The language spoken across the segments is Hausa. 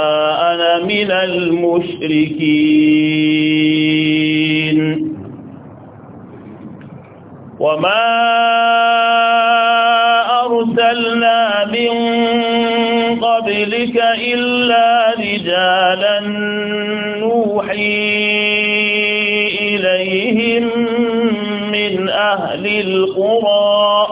أنا من المشركين وما أرسلنا من قبلك إلا رجالا نوحي إليهم من أهل القرى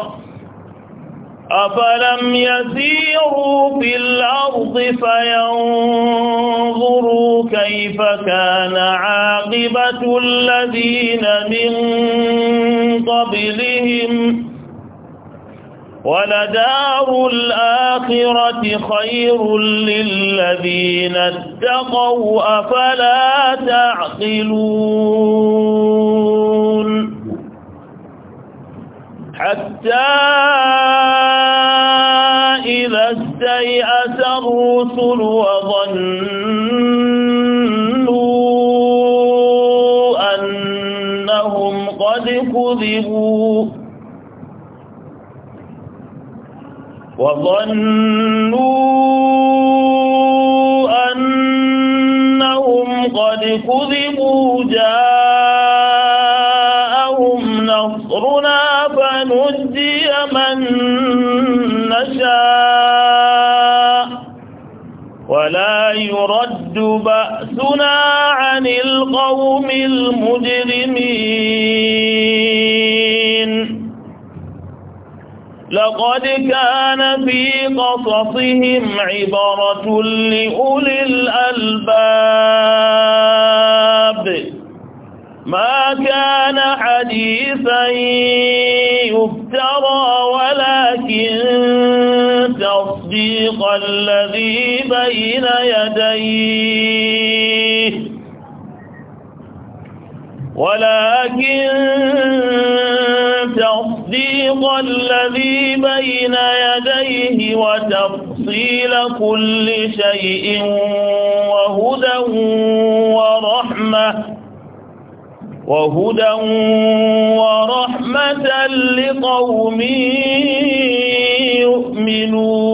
أفلم يسيروا في الأرض الأرض فينظروا كيف كان عاقبة الذين من قبلهم ولدار الآخرة خير للذين اتقوا أفلا تعقلون حتى إذا استيأس الرسل وظنوا أنهم قد كذبوا وظنوا أنهم قد كذبوا جاءوا يرد بأسنا عن القوم المجرمين لقد كان في قصصهم عبارة لأولي الألباب ما كان حديثا يفترى ولكن تصديق الذي بين يديه ولكن تصديق الذي بين يديه وتفصيل كل شيء وهدى ورحمة وهدى ورحمة لقوم يؤمنون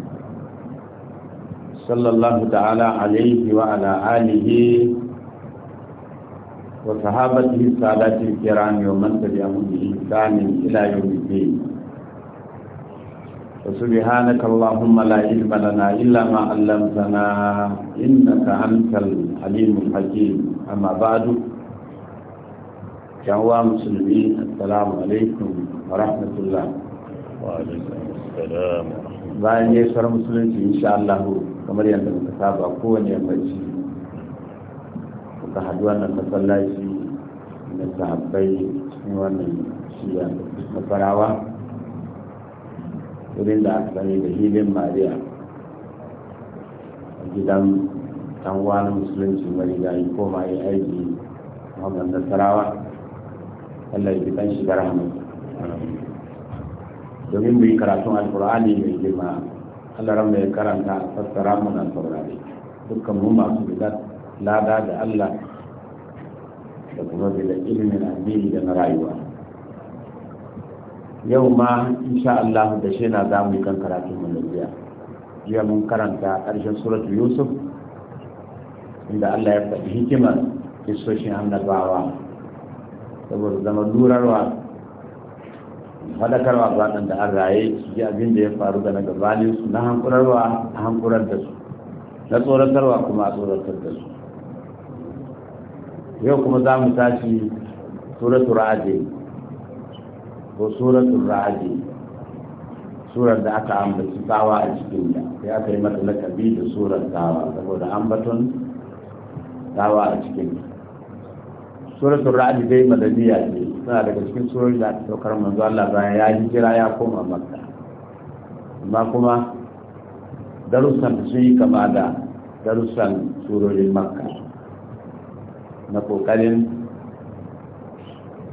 صلى الله تعالى عليه وعلى آله وصحابته السادات الكرام ومن تبعهم بإحسان إلى يوم الدين وسبحانك اللهم لا علم لنا إلا ما علمتنا إنك أنت العليم الحكيم أما بعد جوا مسلمين السلام عليكم ورحمة الله وعليكم السلام ورحمة الله بعد يسر مسلمين إن شاء الله kamar yadda muka saba kowane yammaci ka haɗu wannan masallaci da sahabbai cikin wannan shiya na farawa wurin da aka sani da hilin mariya a gidan ɗan wani musulunci mai yayi ko ma yi aiki muhammad nasarawa allah ya kan shi da domin mu yi karatun alkur'ani mai girma Allah ran mai karanta a fassara mu nan saurare dukkan mu masu bidat lada da Allah da kuma da ilimin addini da na rayuwa yau ma insha Allah da shi na za yi kan karatun mu jiya jiya mun karanta ƙarshen suratu Yusuf inda Allah ya faɗi hikimar kisoshin annabawa saboda zama lurarwa faɗakarwa waɗanda an raye su ji abin da ya faru da na gabanin su na hankurarwa a hankurar da su na tsoratarwa kuma a tsoratar da su yau kuma za mu tashi suratul raje ko suratul raje surar da aka ambaci tsawa a cikin da sai aka yi mata lakabi da surar tsawa saboda ambaton tsawa a cikin da. suratul ra'd dai madaniya ce suna daga cikin surori da aka saukar manzo Allah bayan ya hijira ya koma makka amma kuma darussan sun yi kama da darussan surorin makka na kokarin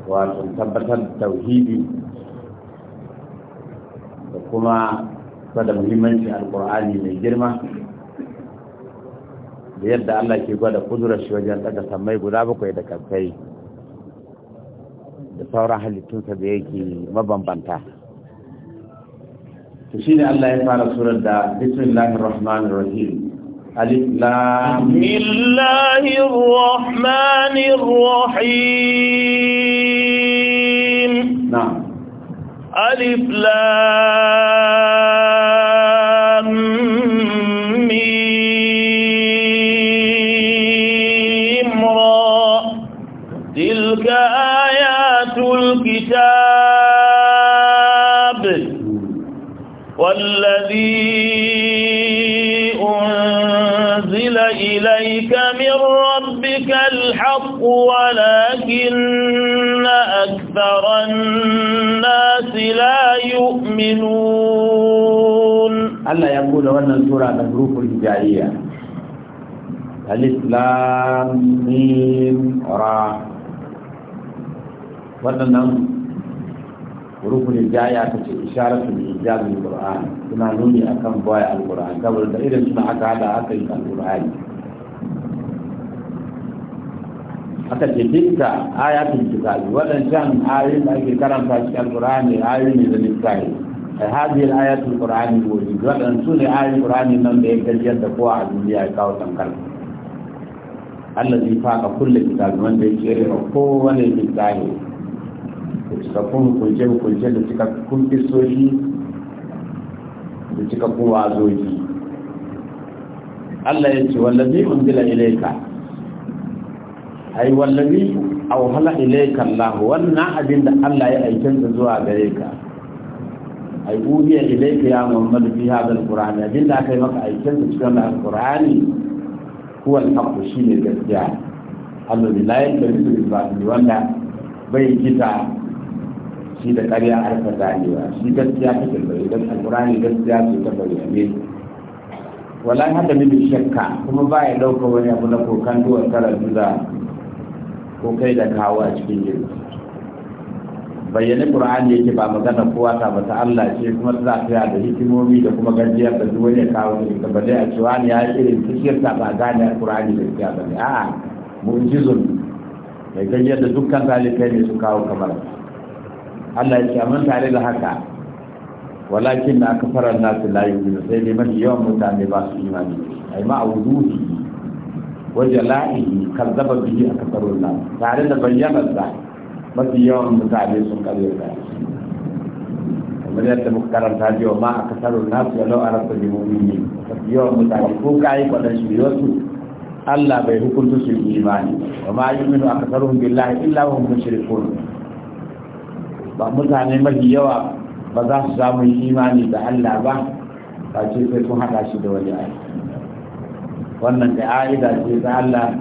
wato tabbatar da tauhidi da kuma da muhimmancin alkur'ani mai girma da yadda Allah ke gwada kudurar shi wajen daga samai guda bakwai da kaskai da sauran halittunsa da yake mabambanta to shine Allah ya fara surar da bismillahir rahmanir rahim alif lam millahir rahmanir rahim Na. alif lam ولكن أكثر الناس لا يؤمنون ألا يقول أن السورة تجروف الجاهية الإسلام ميم را وأن حروف الجاية تشي إشارة الإنجاز القرآن كما نوني أكم بواي القرآن قبل أن سنة أكادة أكيد القرآن aka ce tilka ayatul kitab waɗancan ayoyin da ake karanta cikin alqur'ani ayoyi ne da littafi a hadhihi ayatul qur'ani wuri wadan su ne ayoyin qur'ani nan da ya gajiyar da kowa a duniya ya kawo tankar Allah zai faka kullu kitab wanda ya ce wa kowane littafi da kun hukunce hukunce da kun kisoshi da kun wazoji Allah ya ce wallazi unzila ilayka ai wallabi aw hala ilayka Allah wannan abinda Allah ya aikin da zuwa gare ka ai uhiya ilayka ya Muhammad fi hada alquran abinda da aka yi maka aikin da cikin alquran huwa alhaq ne gaskiya Allah la yakdiru bil batil wanda bai kita shi da ƙarya ka ganewa shi gaskiya ta kirkari don alƙurani gaskiya su ta ne wala haka ne da shakka kuma ba ya ɗauka wani abu na kokan duwar karatu da ko kai da kawo a cikin jirgi bayyane da yake ba magana kowa ta ba ta Allah ce kuma ta zafiya da hikimomi da kuma gajiyar da duk wani ya kawo ne ta bale a cewa ne ya irin fushiyar ta ba gane ƙura'an da ya ba a zun mai gajiyar da dukkan zalikai ne su kawo kamar Allah ya ce amma tare da haka walakin na kafaran nasu la sai dai mafi yawan mutane ba su imani A ma wuduhi وجلائه كذب به أكثر الناس تعالى بين da mafi yawan mutane sun karye da kamar yadda muka karanta jiya ma a kasarun nasu ya lau a rasa limomini mafi yawan mutane ko kayi kwanan shiryarsu Allah bai hukunta su yi imani wa ma yi minu a kasarun billahi illa wa mun shirkun ba mutane mafi yawa ba za su samu imani da Allah ba ba ce sai sun haɗa shi da wani aiki wannan aida ce ta Allah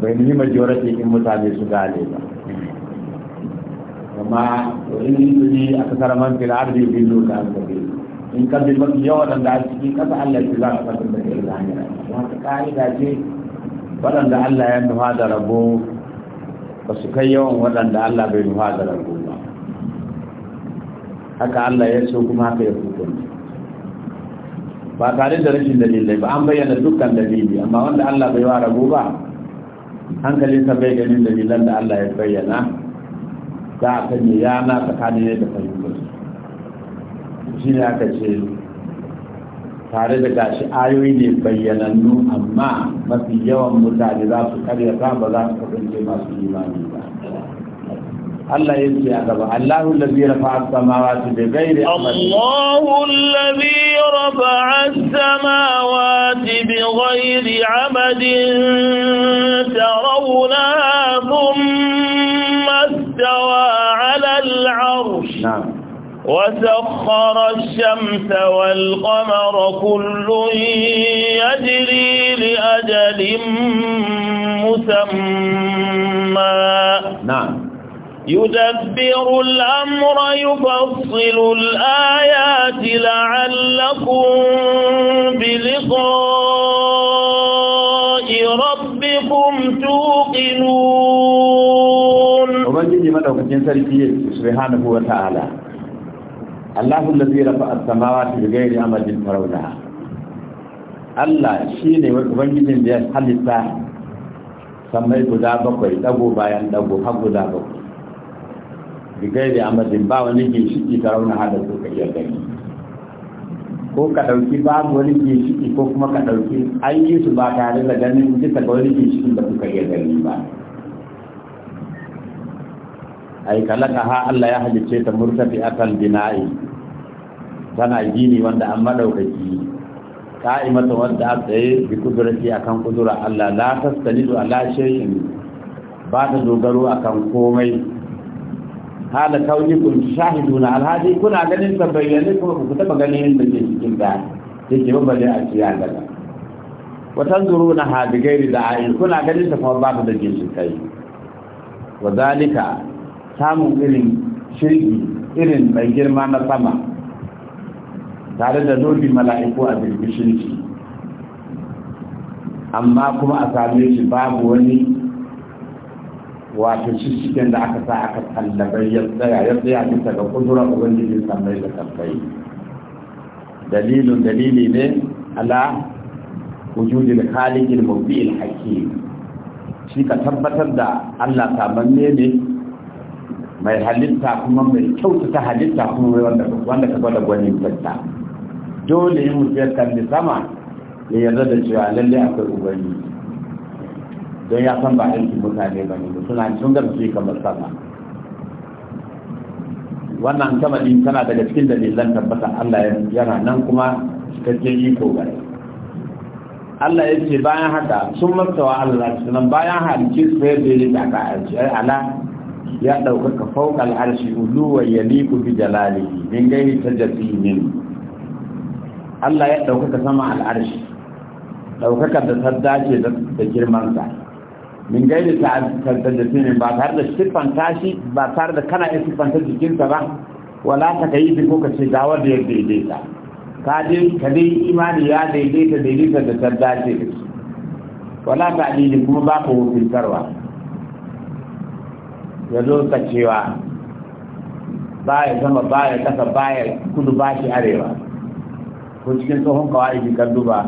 bai yi majority in mutane su gane ba amma in su ne a kasar man fil ardi bil luka an kabe in ka bi mafi yawan da a cikin kasa Allah ce za ka kasar da ke lahira wata ka'ida ce waɗanda Allah ya nufa da rabo ba su kai yawan waɗanda Allah bai nufa da rabo ba haka Allah ya so kuma haka ya hukunta ba tare da rashin dalilai ba an bayyana dukkan dalili amma wanda Allah bai wa rabu ba hankalinsa bai ganin dalilan da Allah ya bayyana za a kan yi yana tsakanin da fahimtar shi ne aka ce tare da gashi ayoyi ne bayyanannu amma mafi yawan mutane za su karyata ba za su kasance masu imani ba الله يجزي عذابا الله الذي رفع السماوات بغير عمل الله الذي رفع السماوات بغير عمد ترونها ثم استوى على العرش نعم وسخر الشمس والقمر كل يجري لأجل مسمى نعم يدبر الأمر يفصل الآيات لعلكم بلقاء ربكم توقنون وبنجي مدوكتين سريكي سبحانه وتعالى الله الذي رفع السماوات بغير أمد ترونها الله شيني وبنجي من ديال حلتا سمي غدا بقوي بايان دابو حق غدا bigai da amadin ba wani shi ta rauna hada su ka iya gani ko ka ɗauki babu wani ginshiki ko kuma ka ɗauki an yi su ba tare da ganin duka ga wani shi da kuka iya gani ba ai kalaka ha Allah ya halice ta murtafi akan bina'i tana gini wanda an madaukaki ka'imata wanda a tsaye bi kudurati akan kudura Allah la tastanidu ala shay'in ba ta dogaro akan komai hala shahidu na alhaji kuna ganin ta bayyane kuma ku taba ganin da ke cikin da yake babbale a ciya daga wa tanzuruna ha bi gairi da'in kuna ganin ta kuma ba da jinsu kai wa zalika samun irin shirki irin mai girma na sama tare da nodi mala'iku a birbishin shi amma kuma a same shi babu wani wato cikin da aka sa aka tallabai ya tsaya ya tsaya bisa ga kudurar ubangiji sammai da sammai dalilin dalili ne ala wujudin khaliqil mubdil hakim shi ka tabbatar da Allah samanne ne mai halitta kuma mai kyautata halitta kuma wanda wanda ka gwada gwanin fatta dole mu fiyar kan sama ya yarda da cewa lalle akwai ubangiji don ya san ba aikin mutane ba ne suna sun yi kamar sama wannan kamalin tana daga cikin dalilan tabbata Allah yana nan kuma cikakken iko ba. Allah ya ce bayan haka sun martawa Allah sunan bayan halice su ya zai da ka arci ai ala ya ɗaukaka fauka al'arshi Ulu wa Yaliku bi jalalihi min gairi ta jasinin Allah ya ɗaukaka sama al'arshi ɗaukakar da ta dace da girmansa min gaida ta tattattun ba tare da siffan tashi ba tare da kana iya siffanta jikinta ba wala ta kayi bi ko ka ce gawar da ya daidaita ka dai ka dai imani ya daidaita daidaita da ta da su. wala ta adili kuma ba ka tarwa. ya zo ta cewa zama ba ya kasa ba ya kudu ba shi arewa ko cikin tsohon kawai kan duba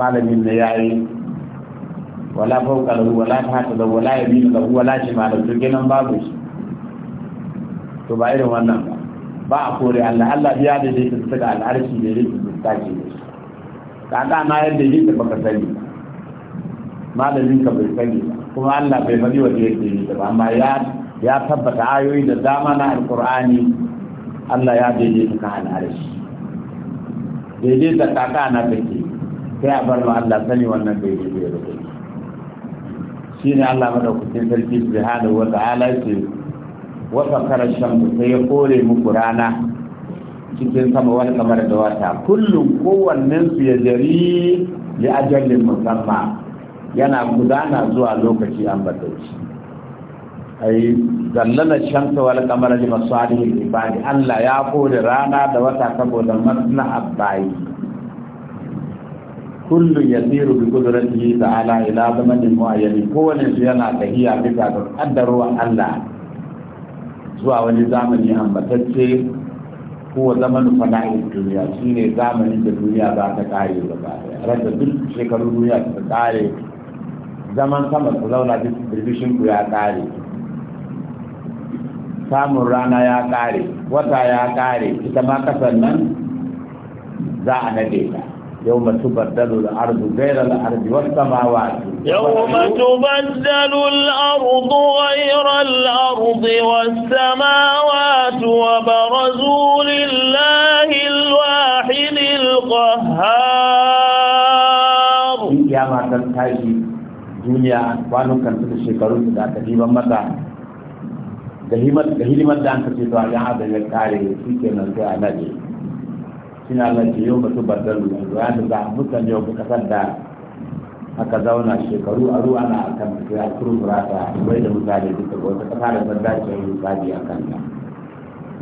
malamin na yayi wala fauka lahu wala tahta lahu wala yaminu lahu wala shimalu to kenan babu shi to ba irin wannan ba ba a kore Allah Allah biya da zai tafi daga al'arshi da zai tafi da shi kaga na yadda yake da baka sani malamin ka bai sani kuma Allah bai faɗi wanda yake yi ba amma ya ya tabbata ayoyi da dama na alqur'ani Allah ya daidaita kan al'arshi daidaita kaka na take sai a bar ma Allah sani wannan bai daidaita shine Allah madaukakin sarki subhanahu wa ta'ala ce wa fakara shamsu sai ya kore muku rana cikin sama wani kamar da wata kullum kowannen su ya jari ya ajalin musamma yana gudana zuwa lokaci an batauci ai zallala shamsa wal qamara li masalihi ibadi Allah ya kore rana da wata saboda maslahar bayi kullum ya tsiru bi kudratihi ta'ala ila zamanin muayyani kowane su yana tahiya bisa ga kaddarwa Allah zuwa wani zamani ambatacce ko zamanin fana'in duniya shine zamanin da duniya za ta kare gaba daya rasa duk shekaru duniya ta kare zaman sama ku zauna distribution ku ya kare samun rana ya kare wata ya kare ita ma kasan nan za a nade ta يوم تبدل الأرض غير الأرض والسماوات يوم تبدل الأرض غير الأرض والسماوات وبرزوا لله الواحد القهار يا ما تنتهي دنيا وانو كنت تشكرون da kadiban mata da himar da hidimar da an kace to ya hada ya kare shi kenan sai a nade shine Allah ke yau mutu badalu ranar da mutan yau ka kasar da aka zauna shekaru a ruwa na akan da a turu murata bai da mutane duka ga wata kasa da sanda ce yau misali a kan ta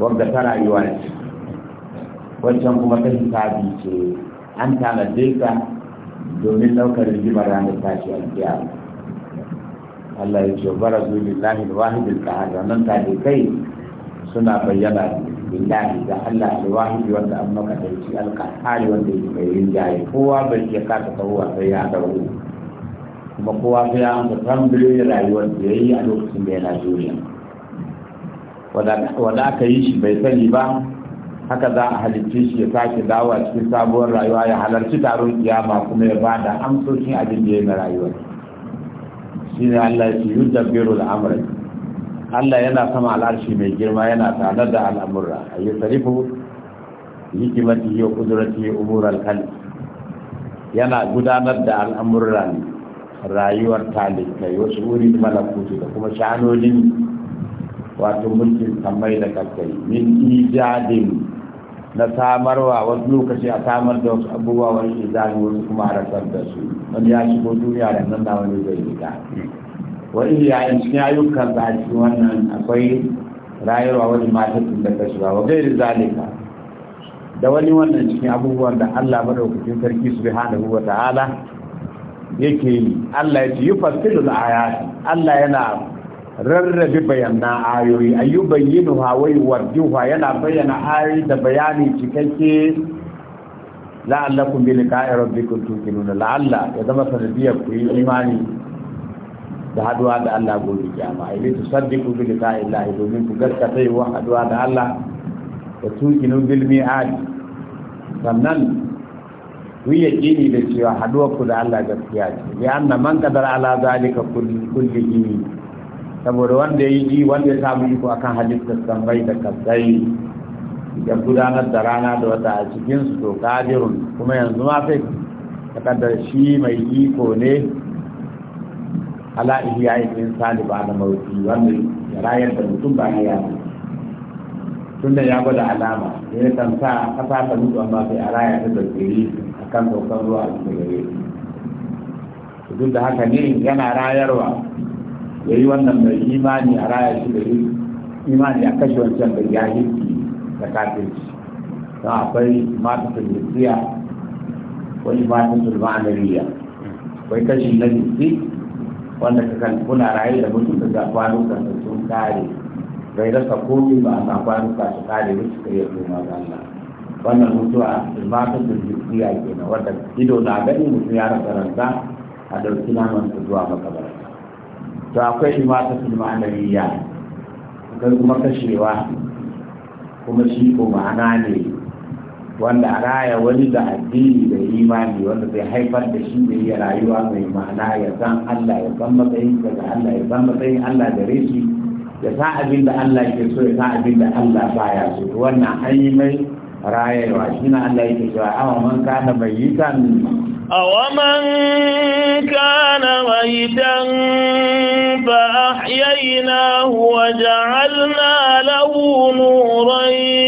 wanda ta rayuwa ce wancan kuma ta hisabi ce an tanade ka domin ɗaukar rigimar ranar tashi a kiyama Allah ya ce bara zuwa lillahi wahidul qahar nan ta kai suna bayyana lillahi da Allah alwahidi wanda an maka da shi alqahari wanda yake mai rinjaye kowa bai ka ta tsawo sai ya dawo kuma kowa sai ya amsa tambayoyin rayuwar da yayi a lokacin da yana duniya wanda aka yi shi bai sani ba haka za a halicce shi ya sake dawo a cikin sabuwar rayuwa ya halarci taron kiyama kuma ya ba da amsoshin abin da ya na rayuwar shi ne Allah ya ce da al'amari Allah yana sama al'arshi mai girma yana tare da al'amurra a yi sarifu hikimati ya kudurati umur alkali yana gudanar da al'amurran rayuwar talibai wasu wurin malakutu da kuma shanonin wato mulkin samai da kakai min ijadin na samarwa wasu lokaci a samar da wasu abubuwa wani izani wasu kuma a rasar da su wani ya shigo duniya da nan na wani zai rika wani ya yi cikin ayyukan da ake wannan akwai rayuwa wani matakin da kashewa wa gairi zalika da wani wannan cikin abubuwan da Allah madaukakin sarki subhanahu wa ta'ala yake yi Allah ya ce yufassilu da ayat Allah yana rarrabe bayanan ayoyi ayyubayyinu ha wai warjuha yana bayyana ayoyi da bayani cikakke la'allakum bi liqa'i rabbikum tuqinuna la'alla ya zama sanadiyar ku yi imani da haduwa da Allah gobe kiyama ili tusaddiqu bi liqa'i illahi, domin ku gaskata yi wa haduwa da Allah da tukinu bil mi'ad sannan ku ni da cewa haduwa ku da Allah gaskiya ce ya anna man kadar ala zalika kullihi saboda wanda yi yi wanda ya samu iko akan halittar sambai da kasai ya gudanar da rana da wata a cikin su to kadirun kuma yanzu ma sai ta shi mai iko ne ala ihya'i sani ba da mawuti wani ya rayar da mutum ba ya yi tunda ya gwada alama ya kan sa kasa ta mutu amma sai a raya ta da tsiri kan saukan ruwa a cikin gare duk da haka ne yana rayarwa ya yi wannan mai imani a raya shi da imani a kashe wancan da ya hiki da shi. don akwai masu tulisiya ko imanin tulmanariya akwai kashi na jiki wanda ka kan kuna raye da mutum da kwanukan da sun kare bai rasa komai ba amma kwanuka su kare ba suka yi koma ga Allah wannan mutuwa ilmatun da jikiya na wanda ido na gani mutum ya rasa ranta a ɗauki naman su zuwa makabarta to akwai ilmatun ma'anariya kai kuma kashewa kuma shi ko ma'ana ne wanda a raya wani da addini da imani wanda zai haifar da shi da iya rayuwa mai ma'ana ya san Allah ya san matsayin daga Allah ya san matsayin Allah da reshi ya san abin da Allah ke so ya san abin da Allah baya so wannan an yi mai rayarwa shi na Allah yake cewa awa man kana mai yi kan awa man kana mai dan fa ahyaynahu wa ja'alna lahu nuran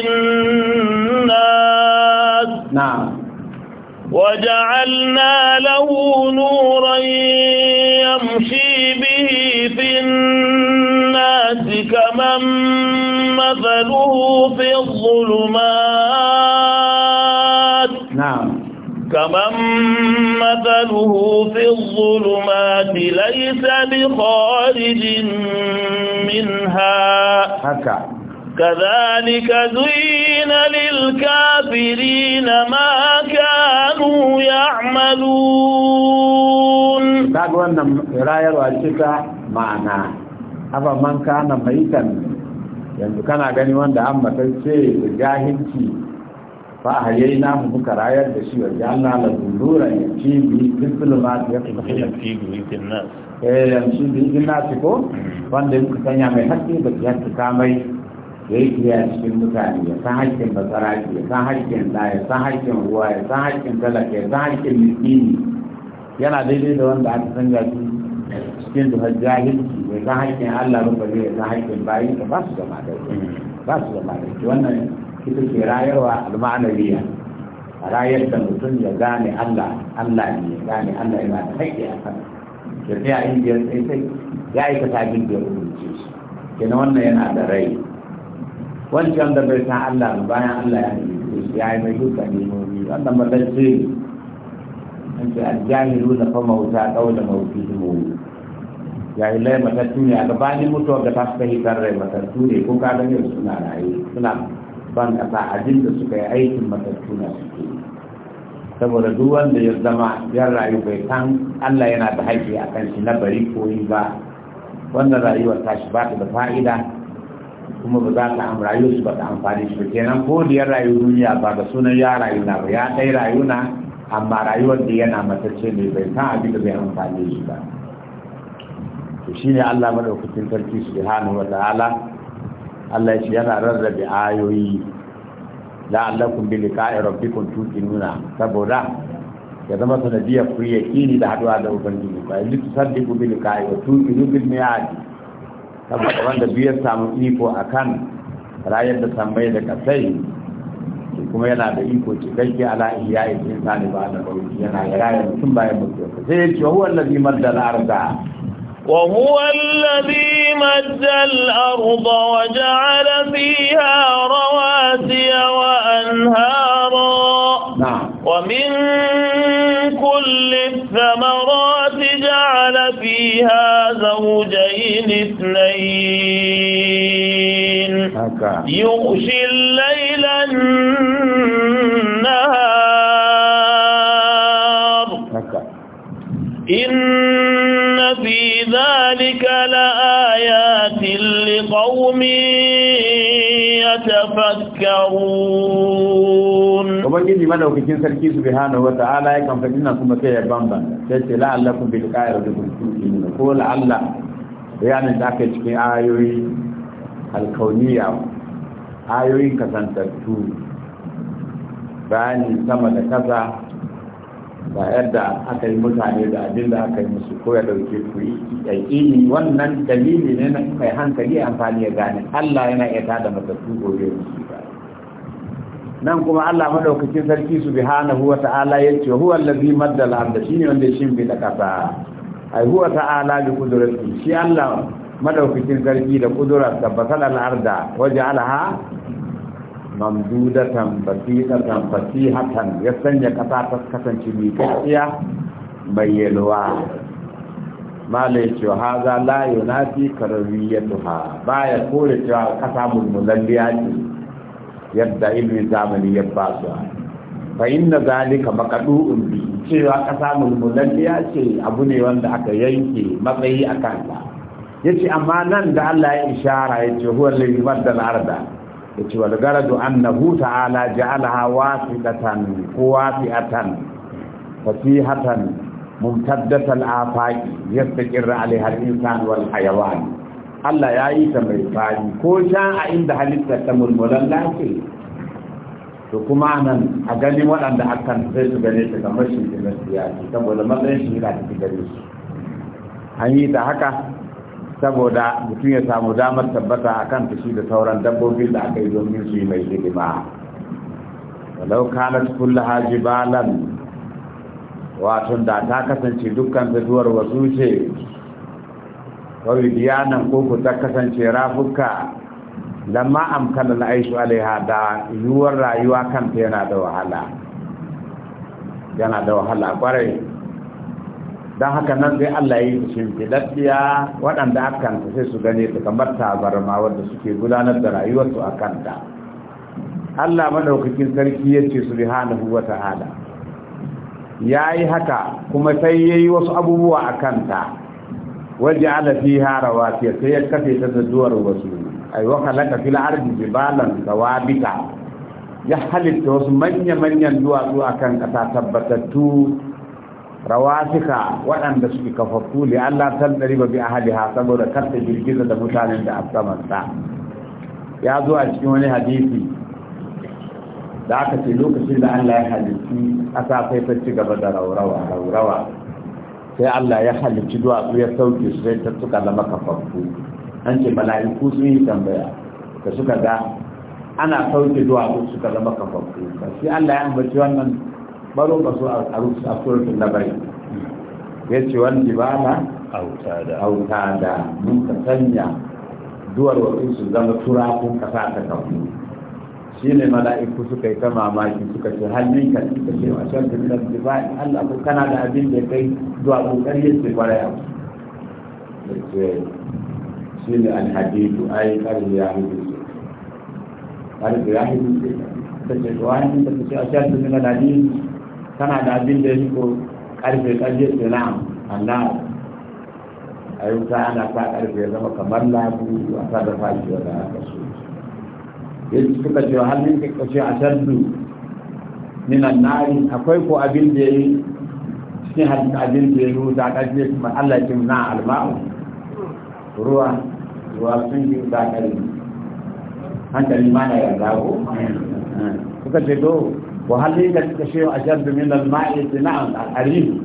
الناس نعم وجعلنا له نورا يمشي به في الناس كمن مثله في الظلمات نعم كمن مثله في الظلمات ليس بخارج منها هكذا كذلك زين للكافرين ما كانوا يعملون kaga wannan rayarwa cika ma'ana haba man kana maitan yanzu kana gani wanda an ce da jahilci fa hayaina mu rayar da shi wajen Allah la dulura ya ci bi muslimat ya ci bi nas eh yanzu bi nas ko mm. wanda muka sanya mai hakki ba ya ci kamai ya yi kiyaye cikin mutane ya san haƙƙin ke ya san haƙƙin da ya san haƙƙin ruwa ya san haƙƙin talaka ya san haƙƙin miskini yana daidai da wanda aka san shi cikin duhar jahilci ya san haƙƙin Allah rufe ne ya san haƙƙin bayi ka ba su zama da ba su zama da wannan ita ke rayarwa al a rayar da mutum ya gane Allah Allah ne ya gane Allah yana da haƙƙi a kan ya tsaya inda sai-sai, ya aikata abin da ya rubuce shi kenan wannan yana da rai wancan da bai san Allah ba bayan Allah ya yi ya yi mai dukkan nemomi wannan matacce an ce aljahilu na fa mauta ɗaula mauti yi lai matattu ne a gabanin mutuwa da ta suka rai matattu ne ko ka ganin suna raye suna ban kasa jin da suka yi aikin matattu na suke saboda duk wanda ya zama yan rayu bai san Allah yana da haƙƙi a kan shi na bari koyi ba wannan rayuwar tashi ba ta da fa'ida kuma ba za ka rayu su ba ta amfani shi ba kenan ko da ya rayu duniya ba da sunan ya rayu na ba ya ɗai rayu na amma rayuwar da yana matacce ne bai san abin da bai amfani shi ba to shine Allah madaukakin sarki subhanahu wataala Allah ya ce yana rarrabe ayoyi allakum bi liqa'i rabbikum tuqinuna saboda ya zama sanadiyar ku yakini da haduwa da ubangiji ku ayi sabbi bi liqa'i wa tuqinu bil mi'ad saboda wanda biyar samu iko a kan rayar da tambayi da kasai kuma yana da iko cikakke ala iya yin insani ba da bauti yana da rayar mutum bayan mutuwa sai ya ce wa huwa allazi madda al-arda wa huwa allazi madda al-arda wa ja'ala fiha rawasiya wa anhara wa min kulli thamarati ja'ala fiha zawjan اثنين يغشي الليل النهار إن في ذلك لآيات لقوم يتفكرون وبنجي سبحانه وتعالى كم فجنا كم تيجي بامبا تجلى الله bayanin da aka cikin ayoyi alkauniya ayoyin kasantattu bayanin sama da kasa ba yadda aka yi mutane da abin da aka yi musu ko ya dauke ku yi wannan dalili ne na mai hankali amfani ya gane Allah yana iya da matattu gobe musu nan kuma Allah maɗaukacin sarki su bi hana, huwa ta'ala ya ce huwa lafi maddala da shi ne wanda ya shimfi da kasa Aihuwa ta ala bi qudratihi shi Allah madaukakin sarki da kudurarsa da al-arda waja'alaha mamdudatan basitatan fasihatan ya sanya kasa ta kasance mai kaciya mai yalwa mala ya ce haza la yunafi Ba baya kore cewa kasa mulmulalliya ce yadda ilmin zamani ya ba fa inna zalika maqdu'un bi cewa kasa mulmulalliya ce abu ne wanda aka yanke matsayi a kansa ce amma nan da Allah ya ishara ya huwa alladhi madda al-arda yace wal garadu annahu ta'ala ja'alaha wasitatan quwati'atan fasihatan mumtaddat al-afaq yastaqirru 'alayha al-insan wal hayawan Allah ya yi ta mai fadi ko sha a inda halitta ta mulmulalla ce to kuma nan a gani waɗanda akan sai su gane su kamar shi ne ya ce saboda matsayin shi yana take gare shi an yi ta haka saboda mutum ya samu damar tabbata a kan shi da sauran dabbobi da aka yi domin su yi mai hidima walau kanat kullu hajibalan wato da ta kasance dukkan zuwar wasu ce kawai ko ku ta kasance rafuka lamma amkana Aishu alaiha da yiwuwar rayuwa kanta yana da wahala yana da wahala kwarai Dan haka nan sai Allah yi su shimfiɗaɗɗiya waɗanda a sai su gane ta kamar tabarma wadda suke gudanar da rayuwarsu a kanta Allah maɗaukakin sarki ya ce subhanahu wa yayi ya yi haka kuma sai ya yi wasu abubuwa a kanta Wajen ala fi harawa sai ya kafe ta da duwar wasu wa halaka fil ardi jibalan sawabita ya halitta wasu manya-manyan duwatsu kan kasa tabbatattu rawasika waɗanda suke kafaffu li Allah tan dari ba bi ahliha saboda karta girgiza da mutanen da asamanta ya zo a cikin wani hadisi da aka ce lokacin da Allah ya halitti ƙasa sai ta ci gaba da raurawa raurawa sai Allah ya halitti duwatsu ya sauke su sai ta suka zama kafaffu an ce mala'iku sun yi tambaya da suka ga ana sauke zuwa su suka zama kafafu shi Allah ya ambaci wannan baro ba so a rusu a na labari ya ce wani jibala auta da mun ka sanya duwar wasu su zama turakun kasa ta kafu shi ne mala'iku suka yi ta mamaki suka ce hannun ka suka ce wa shan da jibali Allah ko kana da abin da kai zuwa kokari ya ce kwarai abu shi ne alhadidu ai karin ya hudu su karin ya hudu ta ce to an ta ce a alhadidu da abin da ya ko karfe karfe sinam Allah a yi wuta ana ta karfe zama kamar labu a sa da fashi da aka so yanzu suka ce ka a shaddu min annari akwai abin da ya yi cikin abin da ya yi kuma Allah ya na alma'u ruwa wa sun yi ba kare hankali ma na yarda ko Kuka ce to wa halin da suka shi a da min da ma'i ce na al'arim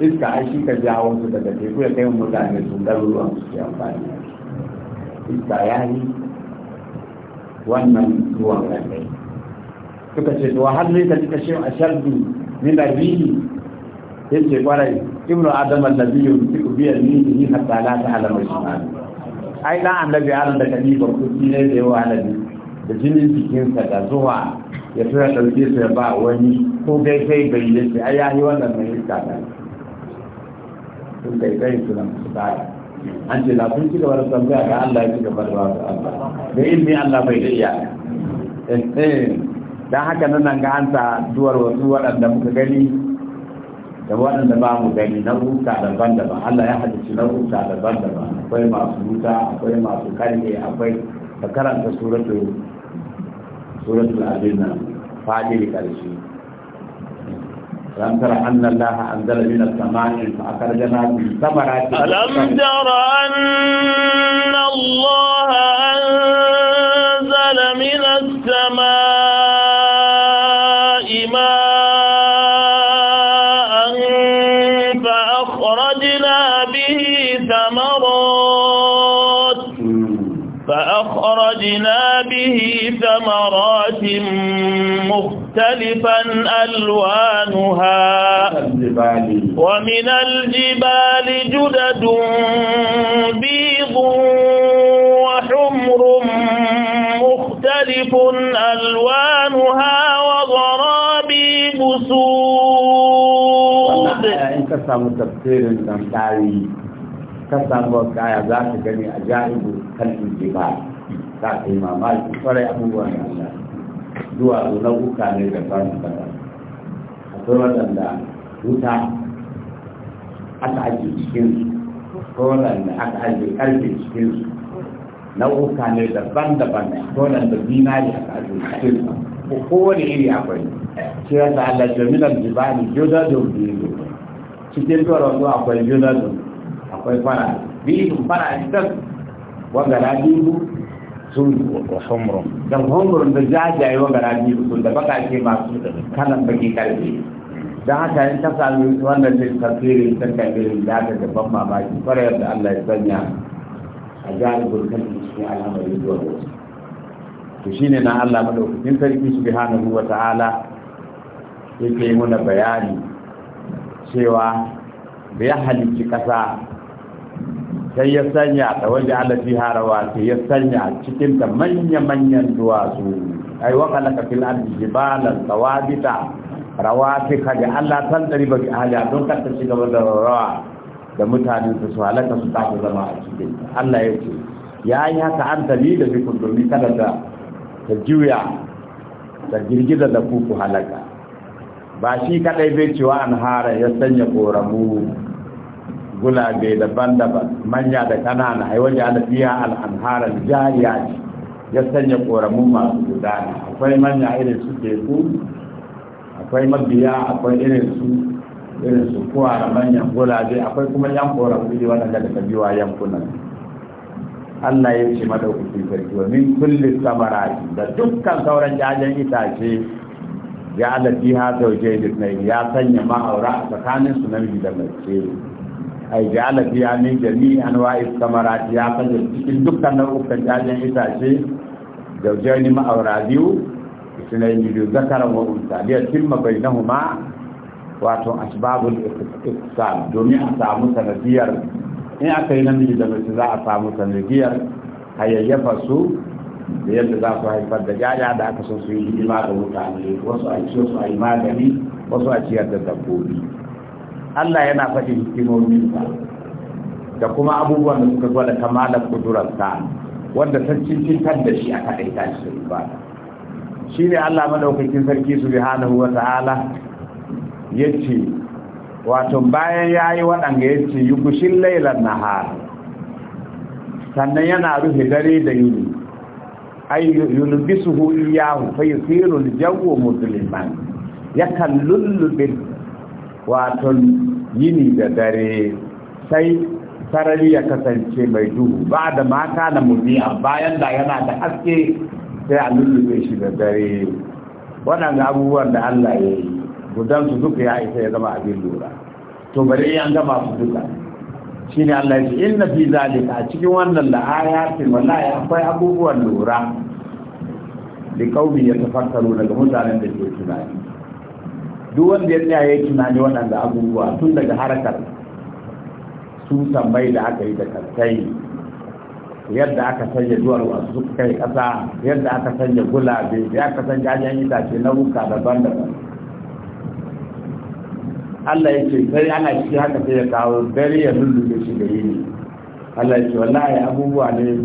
iska ai shi ka jawo su daga teku ya kai sun su garuruwan su ba amfani iska ya yi wannan ruwa ragai Kuka ce to har ne ka cika shi a da min da rihi yace kwarai ibnu adam al-nabiyyu bi ni ni hatta la ta'lamu shi'an ai dan annabi halin da ni ba ku ne da yawa annabi da jinin sa da zuwa ya tura da su ya ba wani ko sai bai yi ce ai yayi wannan mai iska da sun kai kai su nan su an ce lafin ci gaba da tambaya ga Allah ya ci gaba da wasu Allah da in ni Allah bai da eh, eh, dan haka nan ga an ta duwar wasu waɗanda muka gani da waɗanda ba mu gani na huta daban-daban Allah ya halicci na huta daban-daban akwai masu ruta akwai masu karfe akwai ka karanta suratul suratul azina fadil karshe ألم تر أن الله أنزل من السماء فأخرجنا من ثمرات ألم تر أن الله ثمرات مختلفا ألوانها ومن الجبال جدد بيض وحمر مختلف ألوانها وغرابي بسود إنك سامو تفسير تنتعي كسامو كايا ذات جميع كالجبال za yi mamaki kwarai abubuwan da Allah zuwa zuwa kuka ne da ba su a tsoron da wuta aka ake cikin ko da aka ake ƙarfe cikin su nau'uka ne daban-daban ne ko da zinari aka ake cikin su kowane iri akwai shi ya sa Allah jami'ar jibali jodadon biyu cikin tsoron zuwa akwai jodadon akwai fara biyu fara ita wanda na biyu sun wa humrun dan humrun da jajaye wa gara biyu sun da baka ce masu kalan baki karfi dan haka in ta sami wannan da tafsirin ta kabirin da ta gaban mamaki kwarai da Allah ya sanya a jaribin kan cikin al'amari zuwa wasu to shine na Allah madaukakin sarki subhanahu wa ta'ala yake yi mana bayani cewa da ya halicci ƙasa sai ya sanya wanda waje ya harawa sai ya sanya cikin ta manya-manyan duwatsu ai wa kalaka fil ardi jibalan tawabita rawati kaje da Allah san dari ba ahliya don kar ta gaba da rawa da mutane su su halaka su ta zama a cikin Allah ya ce ya yi haka an tali da bikin domin kada da ta juya ta girgiza da kuku halaka ba shi kadai bai cewa an hara ya sanya koramu gulabe daban-daban manya da kanana ai waje ala fiya jariya ce ya sanya koramun masu gudana akwai manya irin su teku akwai mabiya akwai irin su irin su kuwa da manyan gulabe akwai kuma yan koramun da waɗanda daga biyuwa yankunan Allah ya ce madaukaki sarki wa min kulli samarati da dukkan sauran jajen itace ya ala fiha zawjayn ya sanya ma'aura tsakanin su namiji da mace ay ja'ala fiha an jami'i anwa'i samarat ya kaje cikin dukkan nau'ukan jajen itace da jani ma'aura biyu sunai biyu zakara wa unta liya tilma bainahuma wato asbabul iqtisam domin a samu sanadiyar in aka yi namiji da mace za a samu sanadiyar hayayyafa su da yadda za su haifar da yaya da aka so su yi hidima ga mutane wasu a wasu a yi magani wasu a ciyar da dabbobi Allah yana faɗin hikimomin sa da kuma abubuwan da suka gwada kamalar kudurarsa wanda ta kan da shi a kaɗai ta shi ba shi ne Allah madaukakin sarki Su na wa ta'ala yace wato bayan ya yayi waɗanda yace yugushin lailan nahar sannan yana rufe dare da yini ay yulbisuhu iyyahu fa yusiru al-jawwu musliman yakan lullubin wato yini da dare sai sarari ya kasance mai duhu ba da mata na a bayan da yana da haske sai a lullube shi da dare waɗanda abubuwan da Allah ya yi Gudan su duka ya isa ya zama abin lura to bari an gama su duka ne Allah ya ce inna fi zalika a cikin wannan la'ayatin wallahi akwai abubuwan lura da kaumi ya tafakkaru daga mutanen da ke tunani duk wanda ya tsaya ya tunani waɗanda abubuwa tun daga harkar su tambayi da aka yi da kasai yadda aka sanya duwar wasu suka kai ƙasa yadda aka sanya gulabe ya aka sanya hanyar itace na wuka daban-daban Allah ya ce sai ana shi haka sai ya kawo dare ya lullube shi da yini Allah ya ce wallahi abubuwa ne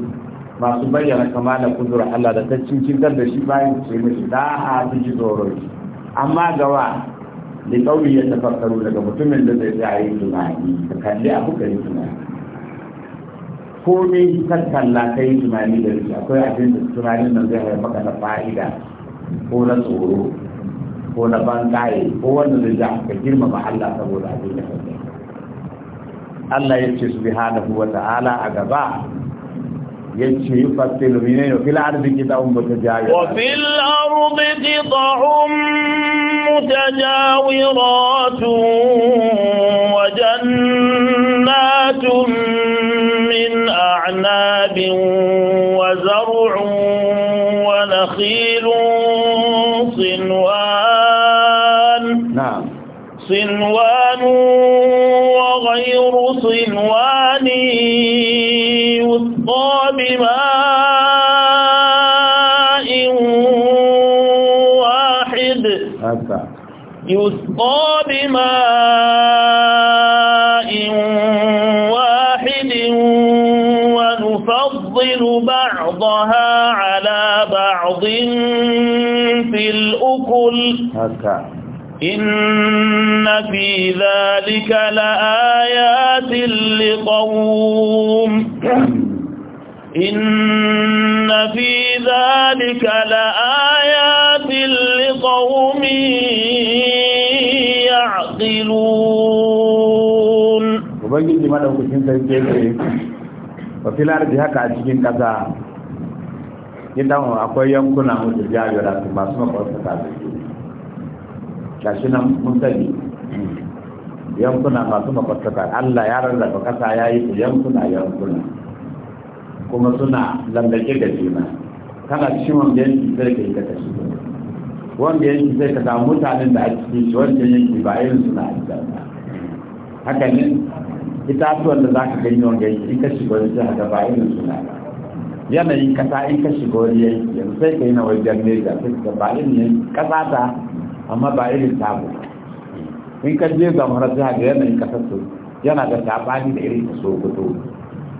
masu bayyana da kudura Allah da ta cincin da shi bayan ce mashi da a ji tsoron amma gawa لقوم يتفكرون كما تم الذي يعرف معي فكان لي أبوك يسمع كومي تتكلم لا كي تماني درجة كي أجل تماني من ذهب مكان فائدة هو نصوره هو نبان كاي هو نرجع كجرم محلة تقول أجل الله يبشي سبحانه وتعالى أقبع يبشي يفتل منين في الأرض كتاب متجاوز وفي الأرض قطع متجاورات وجنات من أعناب وزرع ونخيل صنوان نعم صنوان وغير صنوان يسقى بماء واحد يسقى بماء واحد ونفضل بعضها على بعض في الأكل إن في ذلك لآيات لقوم إن في ذلك لآيات لقوم تعقلون وبنجي ما دوك sai ke yake wa filar da haka a cikin kasa idan akwai yankuna mutu jajira su masu makwarsa ta su gashi nan mun sani yankuna masu makwarsa Allah ya rarraba kasa ya yi su yankuna yankuna kuma suna lallake da juna kana ciwon yanki zai ka yi ka kashi wanda yake zai ka samu mutanen da a cikin shi wancan yake ba irin suna aljanna haka ne itatuwan da za ka gani wanda yake in ka shiga wani jiha da ba irin suna ba yanayin kasa in ka shiga wani yanki yanzu sai ka yi na wajen neja sai ka ba irin yanki kasa ta amma ba irin tabu in ka je zamfara jiha da yanayin kasa to yana da sabani da irin kaso gudu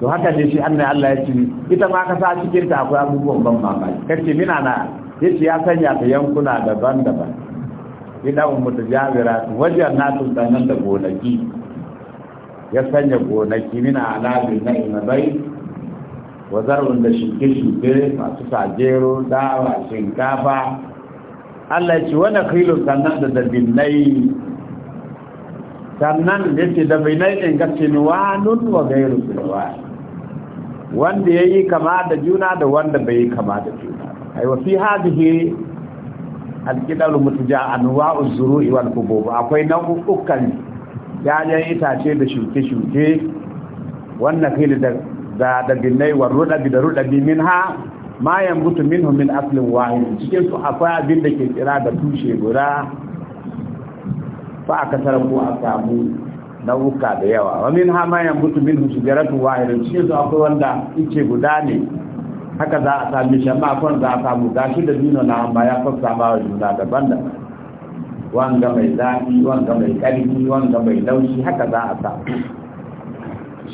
to haka ne shi annai Allah ya ce ita ma kasa cikin ta akwai abubuwan ban mamaki kace mina na yace ya sanya ta yankuna daban-daban ina ummu jabira wajen na sanan da gonaki ya sanya gonaki mina alabi na inabai wa zarun da shuke-shuke masu sajero dawa shinkafa Allah ce wani kilo sannan da dabinai sannan ya ce dabinai ɗin ga sinuwanun wa gairu sinuwa wanda ya yi kama da juna da wanda bai yi kama da juna ai wa fi hadhihi al-qidalu mutja anwa'u az-zuru'i wal qubub akwai nau'ukan yayan itace da shuke-shuke wannan fili da da dabinai wa bi da bi minha ma yanbutu minhu min aslin wahid cikin su akwai abin da ke tsira da tushe guda fa aka tarko a samu nau'uka da yawa wa minha ma yanbutu minhu shijaratu wahid cikin su akwai wanda ice guda ne haka za a sami shi amma za a samu gashi da nuna na amma ya fi sama wa juna daban da wanga mai zafi wanga mai ƙarfi wanga mai laushi haka za a samu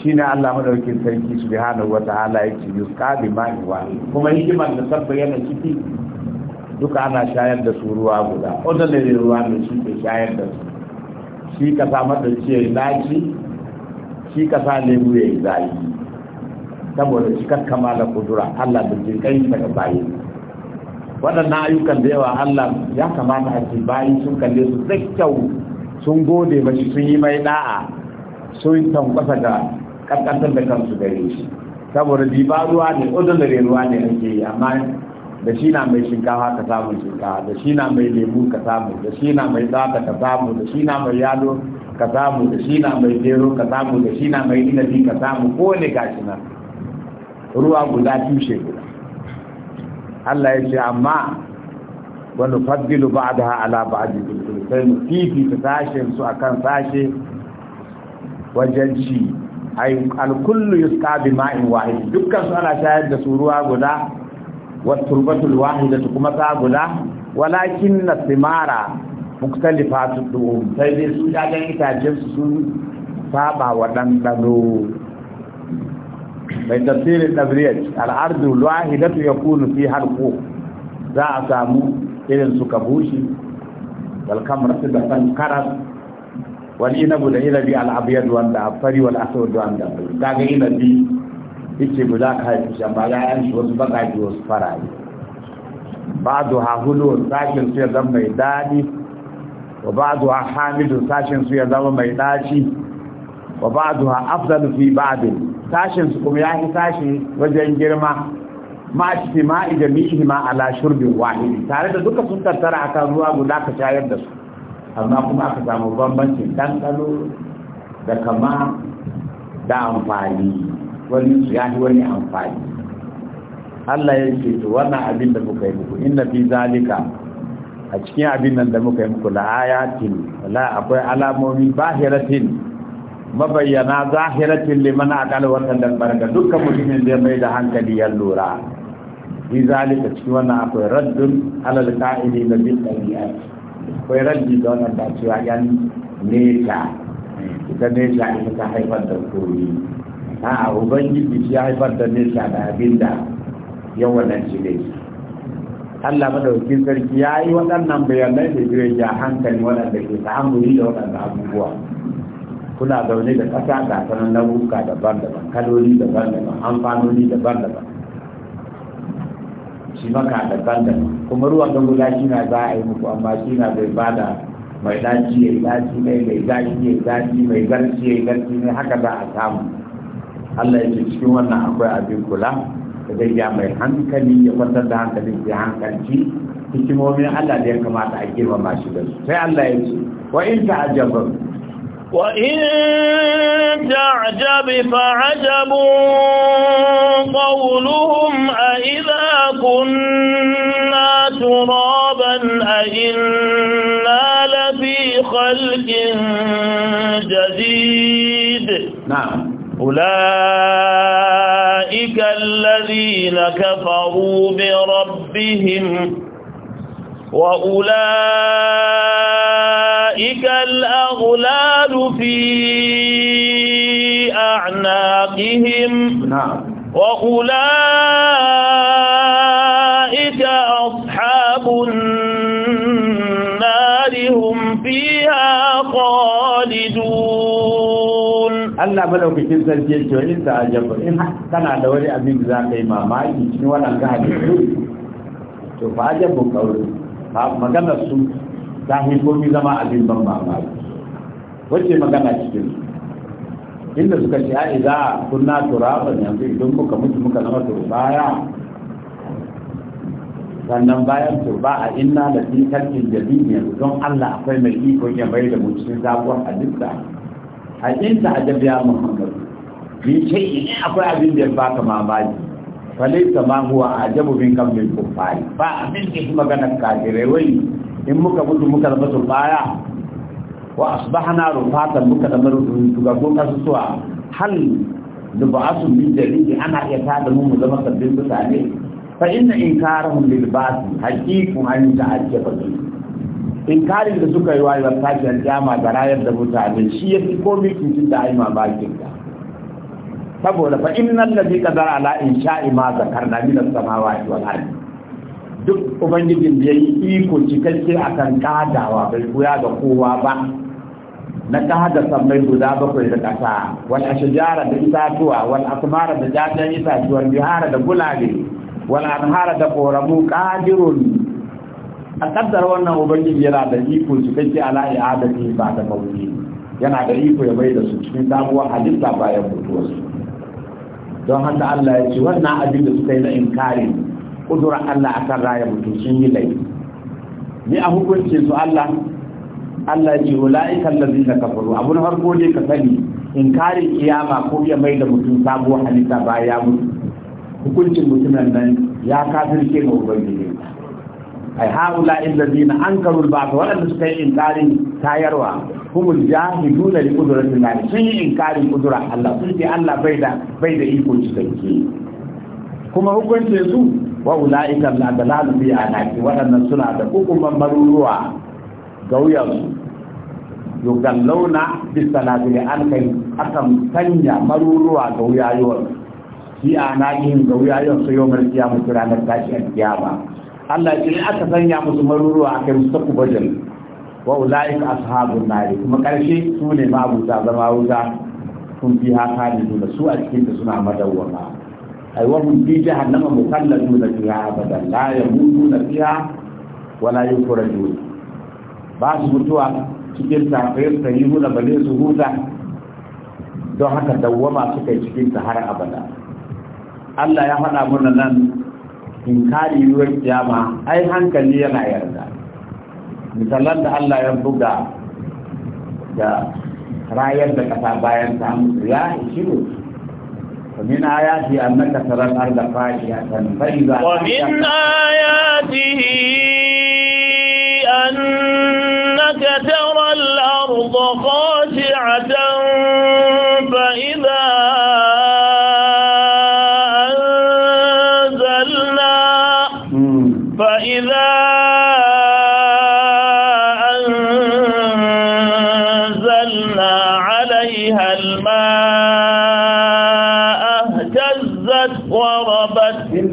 shi ne Allah maɗaukin sarki su bihanu wata hala ya ce yi bi ma'i wa kuma hikimar da sabba yana ciki duka ana shayar da su ruwa guda ordinary ruwa ne shi ke shayar da su shi ka samar da ciyar laci shi ka sa lemu ya yi zafi saboda cikar da kudura Allah da jinkai daga bayi waɗannan ayyukan da yawa Allah ya kamata a ce bayi sun kalle su da kyau sun gode mashi sun yi mai da'a sun tankwasa ga ƙasƙantar da kansu gare shi saboda diba ruwa ne ordinary ruwa ne ake yi amma da shi na mai shinkawa ka samu shinkawa da shi na mai lemu ka samu da shi na mai tsaka ka samu da shi na mai yalo ka samu da shi na mai gero ka samu da shi na mai inabi ka samu kowane gashi nan ruwa guda tushe guda Allah ya ce amma wani faddilu ba da ala ba a jikin sai mu fifita sashen su a kan sashe wajen ci alkullu yi skabi ma'in wahidi dukkan su ana shayar da su ruwa guda wasu turbatul wahida su kuma sa guda walakin na simara muktalifa su sai dai su yajen itacen su sun saba wa ɗanɗano mai tafsirin tabriyar al'ardu wahidatu yakunu fi halqu za a samu irin su kabushi wal kamratu da san karas wal inabu da inabi al abyad wanda afari wal aswad wanda kaga inabi yace ba za ka haifi shi ba ya shi wasu bakaji wasu faraye ba'du ha hulu sakin su ya zama mai dadi wa ba'du ha hamidu sakin su ya zama mai daci wa ba'duha afdalu fi ba'd tashin su kuma yayi tashi wajen girma ma ijtima'i jami'ihi ma ala shurbin wahidi tare da duka sun tattara akan ruwa guda ka shayar da su amma kuma aka samu bambancin ɗanɗano da kama da amfani wani su yahi wani amfani Allah ya ce to wannan abin da muka yi muku inna fi zalika a cikin abin nan da muka yi muku la ayatin la akwai alamomi bahiratin mabayyana zahiratin liman aqal wa tandal baraka dukkan mutumin da mai da hankali ya lura bi zalika cikin wannan akwai raddun alal qa'ili da bil qawiyat akwai raddi da wannan da cewa yan nesa ita nesa ita ta haifar da koyi a'a ubangiji ya haifar da nesa da abinda yawan nan shi ne Allah madaukin sarki ya yi waɗannan bayanai da zai ja hankali waɗanda ke ta'amuri da waɗanda abubuwa kuna zaune da ƙasa ga na nau'uka daban-daban kaloli daban-daban amfanoni daban-daban shi maka daban-daban kuma ruwan don guda shi na za a yi muku amma shi na zai ba da mai ɗaci ya yi ɗaci mai mai daji ya yi daji mai garci ya yi garci ne haka za a samu Allah ya ce cikin wannan akwai abin kula da zai ya mai hankali ya kwantar da hankalin ya hankalci hikimomin Allah da ya kamata a girmama shi da su sai Allah ya ce wa in ajabar وإن تعجب فعجب قولهم أئذا كنا ترابا أئنا لفي خلق جديد نعم أولئك الذين كفروا بربهم وأولئك الأغلال في أعناقهم نعم وأولئك أصحاب النار هم فيها خالدون Allah madaukakin sarki yake wani ta'ajjaba in kana da wani abin da za ka yi mamaki cikin wannan ga hadisi to fa ajabu qawli maganar su ta komi zama abin ban mamaki wacce magana cikin inda suka ce a iza kunna turaban yanzu idan muka mutu muka zama turbaya sannan bayan turba a inna da fi kalkin jami'i yanzu don Allah akwai mai ikon ya bai da mu cikin sabuwar halitta a inda adab ya muhammadu bi ce akwai abin da ya baka mamaki falai ma huwa ajabu min kammin bayi ba abin da shi maganar kajirai wai in muka mutu muka zama baya wa asbahna rufatan muka zama rutuga ko suwa hal bi da dalili ana iya ta da mu zama sabbin mutane fa inna inkarahum lil ba'th haqiqun an ta'ajjaba inkarin da suka yi wayar tashin jama'a ga rayar da mutane shi yafi komai cikin da ai mamakin ka saboda fa innal ladhi qadara ala insha'i ma zakarna min as-samawati wal ardi duk ubangijin da ya yi iko cikakke a kan kadawa bai koya ga kowa ba na kada sammai guda bakwai da ƙasa wal ashjara da itatuwa wal asmara da jajen itatuwa bihara da gulabe wal anhara da koramu qadirun a kaddar wannan ubangiji yana da iko cikakke ala i'adati ba da mawuyi yana da iko ya bai da su cikin sabuwar halitta bayan mutuwarsu don haka Allah ya ce wannan abin da suka yi na inkari kudura Allah akan raya mutum sun yi laifi ni a hukuncin su Allah Allah ce ula'ika allazina kafaru abun harko ne ka sani in kare kiyama ko ya mai da mutum sabuwar halitta baya ya mutu hukuncin mutumin nan ya kafirce ga ubangiji ai haula illazina ankaru ba ta waɗanda suka yi inkarin tayarwa humul jahiduna li qudratin Allah sun yi inkarin qudrar Allah sun ce Allah bai da bai da iko cikakke kuma hukunce su wa ula'ika na da lalubi a naki waɗannan suna da hukuman maruruwa ga wuyansu launa bisa labiri an kai akan sanya maruruwa ga wuyayen shi a nakihin ga wuyayen su yau marciya mutu ranar tashi a kiyama Allah ce aka sanya musu maruruwa a kai musu kubajin wa ula'ika ashabun nari kuma karshe su ne ma zama wuta kun fi haka ne su a cikin da suna madawwama أي وهم في جهنم مخلدون فيها أبدا لا يموتون فيها ولا يخرجون بعض متوى cikin ta kai nuna ba ne su huta don haka dawwama suka yi cikin ta har abada Allah ya faɗa mana nan in kari yiwuwar kiyama ai hankali yana yarda misalan da Allah ya buga da rayar da kasa bayan ta ya ishi mutu ومن آياته أنك ترى الأرض خاشعة فإذا ومن آياته أنك ترى الأرض خاشعة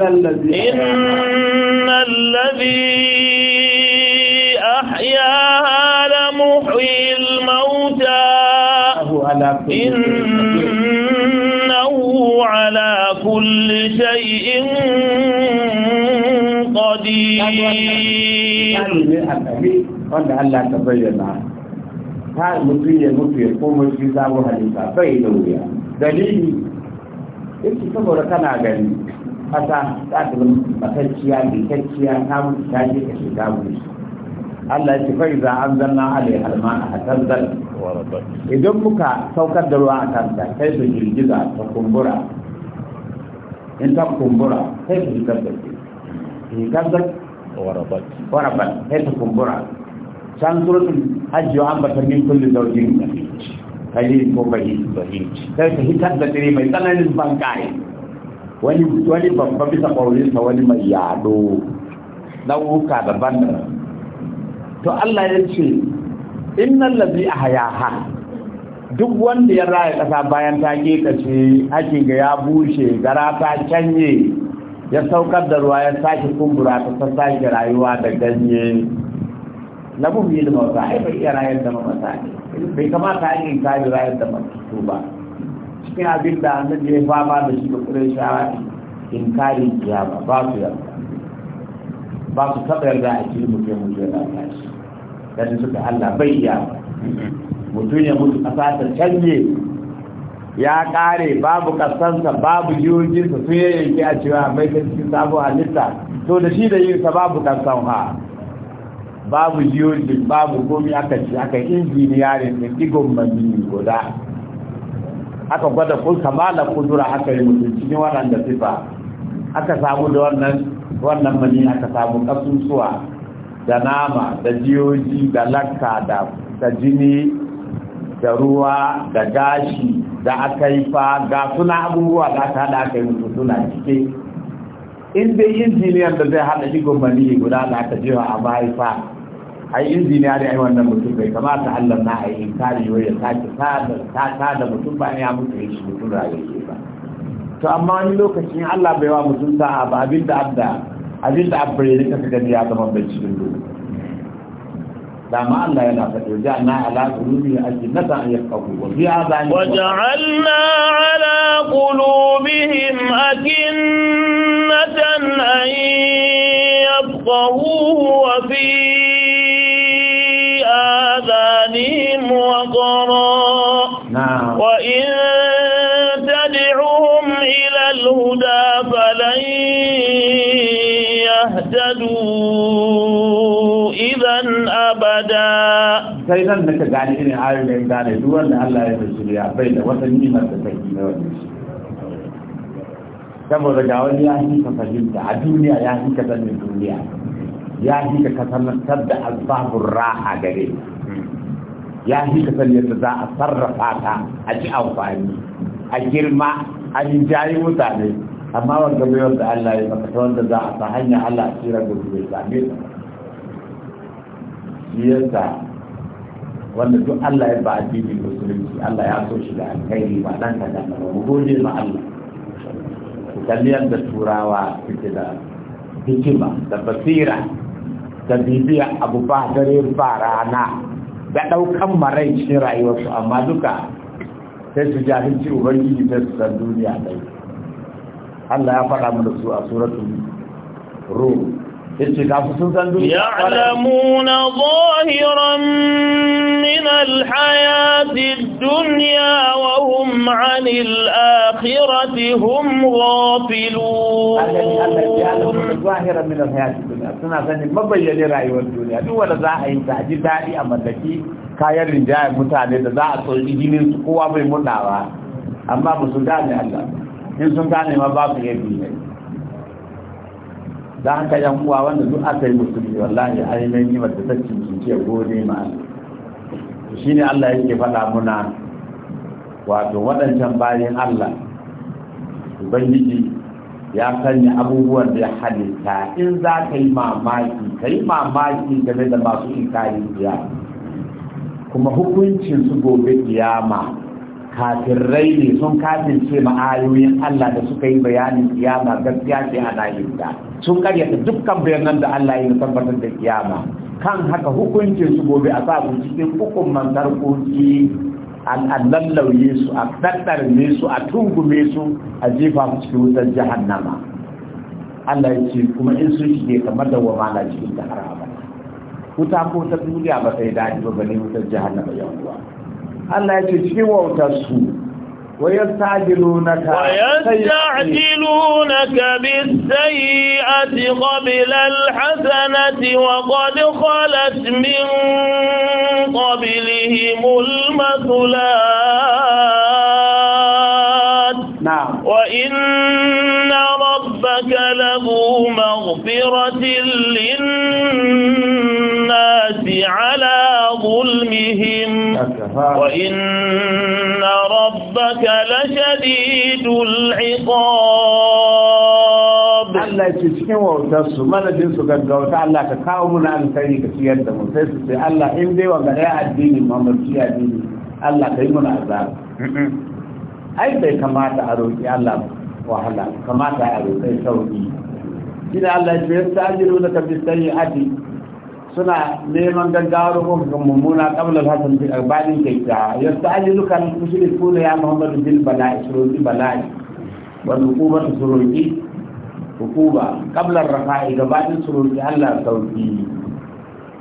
إن الذي أحيا لمحيي الموتى إنه على كل شيء قدير قال مطيع مطيع قوم الجزاء وهل يسافر إلى ويا دليل إيش تقول كنا عليه kasa ta zama da bitacciya ta wuce ta ce ka shiga wuri Allah ya ce fa idza anzalna alaiha alma'a hatazzal idan muka saukar da ruwa a kanta kai su girgiza ta kumbura in ta kumbura kai su fitar da ke rigar warabat Kai ta kumbura can surutun hajjiyo an bata min kulli Ka kalli ko bahi kai ta hitar da dare mai tsananin bankaye wani wani babban bisa ta wani mai yado nau'uka daban da to Allah ya ce innan lazi a hayaha duk wanda ya raya ƙasa bayan ta kekace hakin ga ya bushe gara ta canye ya saukar da ruwa ya sake kumbura ta sassake rayuwa da ganye mu yi da mawata ai bai iya rayar da mamata ne bai kamata a yi kaji rayar da mamatu ba cikin abin da annabi ya fama da shi da kudin in kare ya ba ba su yarda ba su taɓa yarda a cikin mutum mutum ya tashi dan suka Allah bai iya mutum ya mutu ƙasa ta canje ya kare babu kasansa babu jiyoyinsa sun yanki a cewa mai ta cikin sabon halitta to da shi da yinsa babu kasan ha babu jiyoyin babu komi aka ci aka injiniyarin da digon mamini guda aka gwada kul kamala kudura aka yi mutum cikin waɗanda sifa aka samu da wannan wannan mani aka samu kasusuwa da nama da jiyoji da lakka da da jini da ruwa da gashi da aka yi fa ga suna abubuwa da aka haɗa aka yi mutum suna cike in dai injiniyan da zai haɗa igon mani guda da aka jewa a mahaifa ai injiniya ne ai wannan mutum bai kamata Allah na ai inkari wai ya sake ta da mutum ba ya mutu ya shi mutum rayuwa ba to amma wani lokacin Allah bai wa mutum sa'a ba abinda abda abinda abbare ne kaka gani ya zama bai cikin dole da ma Allah yana faɗi ja'alna ala qulubi ajnata an yafqahu wa fi azani wa ja'alna ala qulubihim akinnatan an yafqahu wa fi وضرا نعم. وإن تدعهم إلى الهدى فلن يهتدوا إذا أبدا كيف أنك قاعد إني عارف إن قاعد دول الله يرسل يا بيت وتنمي ما تفكر saboda ga wani ya fi ka يا a duniya ya fi ka sanin duniya ya fi ka ya fi ka san yadda za a sarrafa ta a ji amfani a girma a yi jayi mutane amma wanda bai wanda Allah ya maka ta wanda za a sa hanya Allah a tsira da zuwa same ta shi yasa wanda duk Allah ya ba a bibi musulunci Allah ya so shi da alkhairi ba dan ka da mu gode ma Allah ku kalli yadda turawa suke da hikima da basira da bibiya abu ba dare ba rana da daukan marai cikin rayuwarsu amma duka sai su jahilci ubangiji ta su san duniya dai Allah ya faɗa mu da su a suratul Rum يعلمون ظاهرا من الحياة الدنيا وهم عن الآخرة هم غافلون يعلمون ظاهرا من الحياة الدنيا سنة سنة rinjaye mutane da za a tsoji jinin su kowa bai mutna amma ba su gane Allah in sun gane ma ba su yabi ne da haka yan uwa wanda duk aka yi musulmi wallahi yi wata da ta ce gode ma shi ne Allah yake faɗa muna wato waɗancan bayan Allah Ubangiji ya sanya abubuwan da ya halitta in za ka yi mamaki ka yi mamaki game da masu inkari biya kuma hukuncin su gobe kiyama kafirai ne sun kafirce ma'ayoyin Allah da suka yi bayanin kiyama gaskiya ce a da sun karyata dukkan bayanan da Allah ya tabbatar da kiyama kan haka hukuncin su gobe a sa cikin hukumman sarkoki allallauye su a tattarme su a tungume su a jefa su cikin wutar jahannama Allah ya ce kuma in sun shige kamar da wama na cikin ta wuta ko ta duniya ba sai daɗi ba bane wutar jahannama yan uwa Allah ya ce cikin wautar su ويستعجلونك ويستعجلونك بالسيئة قبل الحسنة وقد خلت من قبلهم المثلات نعم وإن ربك له مغفرة للناس الناس على ظلمهم وإن ربك لشديد العقاب الله يتشكين ووتاسو ما لدينسو قد قوتا الله كاومنا أن تريك سيادة مفيسو سي الله إندي وقريع الدين محمد فيها دين الله كيمنا عذاب أي بي كماتا أروكي الله وحلا كما أروكي سوكي إن الله يتشكين ووتاسو أن تريك سيادة مفيسو suna neman gaggawar hukumin mummuna kamar hasan fi arbanin kaita ya sa'ajilu da kuna ya muhammadu bil bala'i suruki bala'i wal hukumatu suruki hukuma kablar rafa'i gabanin suruki Allah sauki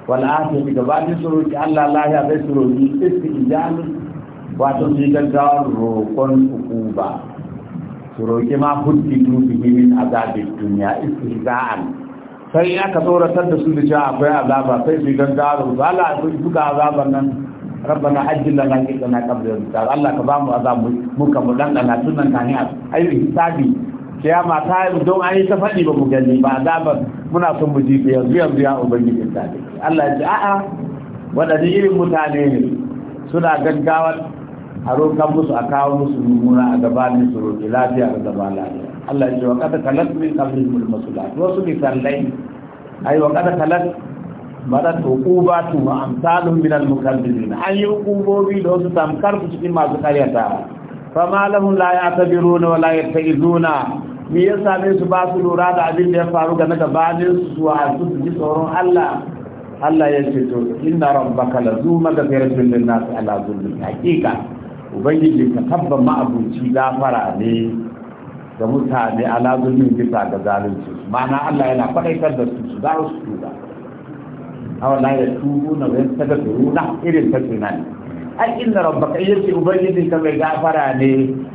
wal afiyati gabanin suruki Allah lahiya bai suruki istijalu wato su yi gaggawar roƙon hukuma suruki ma biyu dubi min azabin duniya istijaan sai ya ka tsoratar da su da cewa akwai azaba sai su gaggawa su Allah ya duka azaban nan na ajjil na kamar yanzu ta Allah ka bamu azabu muka mu dan dana tunan kani a ayi hisabi kiyama ta yi don ayi yi ta faɗi ba mu gani ba azaban muna son mu ji yanzu yanzu ya ubangiji ta Allah ya ce a'a waɗanne irin mutane ne suna gaggawar a rokan musu a kawo musu mummuna a gabanin su roƙi lafiya a gaba lafiya Allah ya ce wa kada kalas min qablihim al-masulat wasu misalai ay wa kada kalas mara to uba tu wa amsalun min al-mukazzibin ay kubobi da wasu tamkar su cikin masu fa ma lahum la ya'tabiruna wa la yattaqizuna me yasa ne su ba su lura da abin da ya faru ga na gabanin su wa su ji tsoron Allah Allah ya ce to inna rabbaka lazu maghfiratin lin-nas ala zulmi hakika ubangiji ka tabba ma abuci gafara ne Da mutane ala lazumin bisa ga zalunci ma'ana Allah yana faɗaitar da su su za su tuba aw ya tubu na gafi yastaghfiruna irin ta tunan ai inna rabbaka ce ubangiji ka mai gafara ne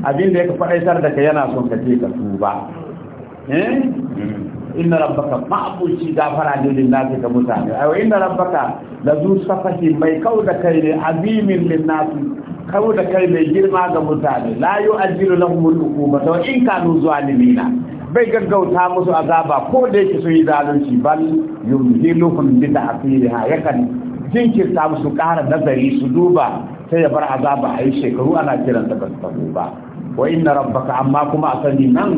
abinda ya yake faɗaitar da ka yana son ka ce ka tuba eh inna rabbaka ma'abuci gafara ne lin ce ga mutane ai inna rabbaka la zu safahi mai kauda kai ne azimin lin nasi kawo da kai mai girma ga mutane la yu ajiru lahum al-uquba wa in kanu zalimina bai gaggauta musu azaba ko da yake sun yi zalunci bal yumhiluhum bi ta'qiliha yakan jinkirta musu kara nazari su duba sai ya bar azaba a yi shekaru ana kiran da basu tabu ba wa inna rabbaka amma kuma a sani nan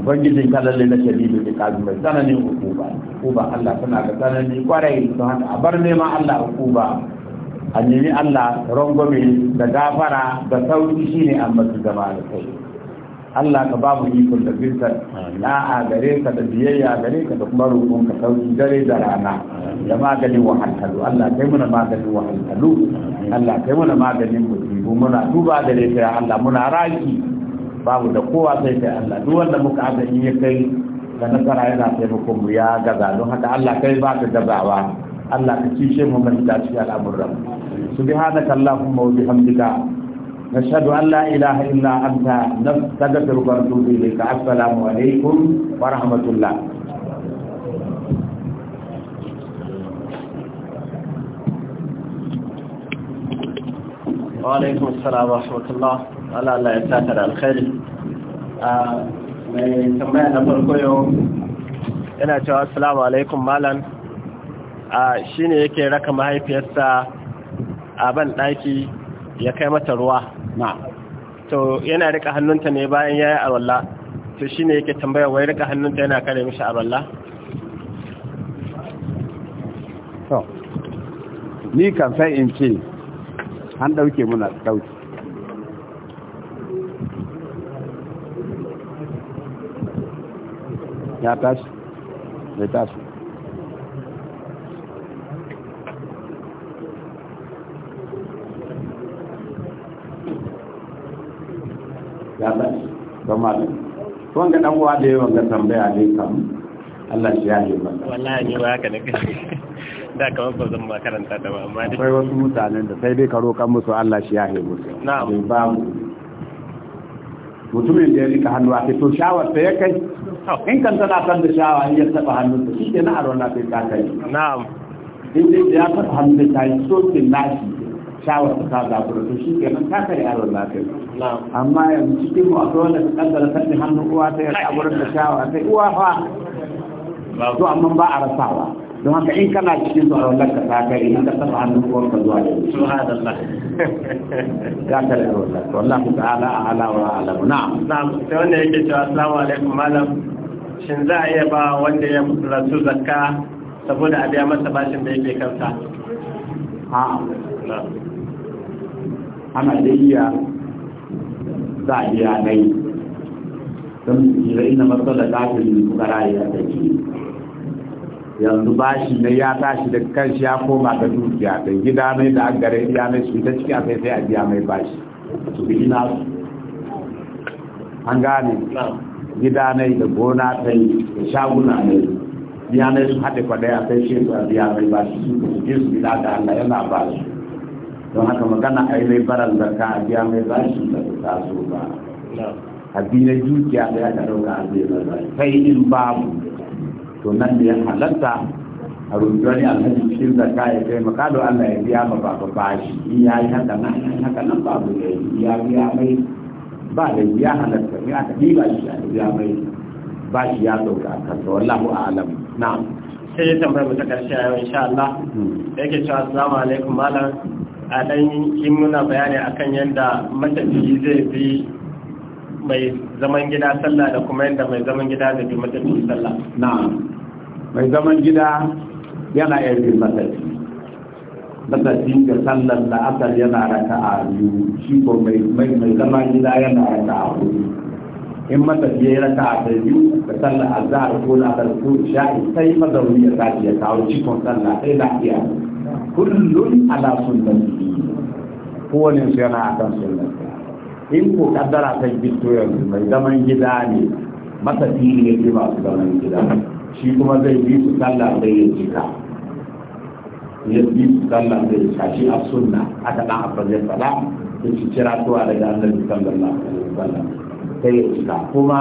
ubangijin ka lalle na shadidu da kazu mai tsananin hukuma hukuma Allah tana da tsanani kwarai don haka a bar neman Allah hukuma a nemi Allah rangwame da gafara da sauki shine an masu gaba da kai Allah ka ba mu ikon da birtar na a gare ka da biyayya gare ka da kuma roƙon ka sauki dare da rana da maganin wahalhalu Allah kai muna maganin wahalhalu Allah kai muna maganin musibu muna duba da ka ya Allah muna raki babu da kowa sai kai Allah duk wanda muka azumi ya kai da nasara yana taimakon mu ya gaza don haka Allah kai ba ka gazawa Allah ka cishe mu mafita cikin al'amuran subhanaka allahumma wa bihamdika nashhadu an la ilaha illa anta nastaghfiruka wa natubu ilayka assalamu alaikum wa rahmatullah alaikum assalam wa rahmatullah Allah Allah ya saka da alkhairi mai tambaya na farko yau yana cewa assalamu alaikum malam a shine yake raka mahaifiyarsa a ban ɗaki ya kai mata ruwa to yana rika hannunta ne bayan ya yi awalla to shi ne yake tambaya wai rika hannunta yana kare mishi awalla? to ni kan sai in ce an dauke muna dauke ya tashi ya tashi ya ɓaci ba malam an ga uwa da yawan ga tambaya ne kam Allah shi ya yi ba wallahi ne ba haka da da kamar ba zan makaranta da ba amma akwai wasu mutanen da sai dai karo kan musu Allah shi ya yi musu na'am ba mutumin da ya rika hannu a to shawar ta ya kai in kan tana san da shawa in ya taba hannu ta shi ke na na sai ta kai na'am in dai ya taba hannun ta yi ke nashi shawar ta ta zabura to shi kenan ta kare yaron lafiya amma yanzu cikin mu akwai wanda ta kaddara karni hannun uwa ta ya zabura da shawar ta uwa fa to amma ba a rasawa don haka in kana cikin tsoron lakka ta kai in ka taba hannun uwar ka zuwa da su subhanallah ya kare yaron lafiya wallahi ta'ala ala wa alamu Na na'am sai wanda yake cewa assalamu alaikum malam shin za a iya ba wanda ya rasu zakka saboda a biya masa bashin da yake kansa? ana layya za a yi ranai don jira ina matsala yi fukara ya tafi yanzu bashi ne ya tashi da kanshi ya koma da dukiya da gida mai da agare ya mai su ta ciki a sai sai a biya mai bashi su bi ina su an gane gida mai da gona ta yi da shaguna mai biya mai su haɗe kwadai a sai shi a biya mai bashi su ji su gida da Allah yana bashi don haka magana a yi mai barar zarka a biya mai bashi da ta taso ba dukiya da ya ɗauka a zai mai sai in babu to nan da ya halatta a rubutu wani alhaji cikin zarka ya kai Allah ya biya ma bashi in ya yi haka nan haka nan babu ya biya mai ba da ya halatta aka shi a biya mai ya a wallahu sai ya tambaya mu ta karshe yau insha Allah hmm. yake cewa assalamu alaikum malam a ɗan yi muna bayani a kan yadda matafiyi zai bi mai zaman gida sallah da kuma yadda mai zaman gida zai bi matafiyi sallah na mai zaman gida yana yanzu bi matafi matafi da sallar da asar yana raka a biyu shi ko mai zaman gida yana raka a hudu in matafi ya yi raka a da biyu da sallar azhar ko na da sha'i sai mazauni ya tashi ya kawo cikon sallah sai lafiya kullun ala sunnati kowane su yana kan sunnati in ko kaddara ta gito yanzu mai zaman gida ne matafi ne ke masu zaman gida shi kuma zai bi su sallah sai ya jika ya bi su sallah sai ya shi a sunna aka dan abba zai fada ya ci kira tuwa daga annabi sallallahu alaihi wasallam sai ya jika kuma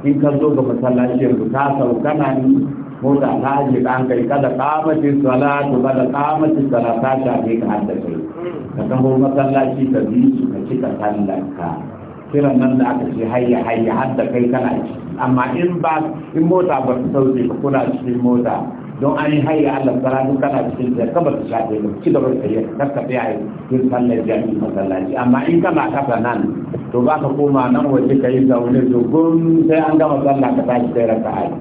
in ka zo ga masallaci yanzu ka sauka na ni mota ta ji dan an kai kada kamati salatu kada kamati salata ta ji ka hadda kai ka taho masallaci ta bi su ka cika sallar ka kiran nan da aka ce hayya hayya hadda kai kana ci amma in ba in mota ba ta sauke ka kula cikin mota don an yi hayya Allah salatu kana cikin da ka ba ta shafe ka ci gaba da yin ka tafi a yin sallar jami'i masallaci amma in kana kasa nan to ba ka koma nan waje ka yi zaune gon sai an gama sallah ka tashi sai raka'a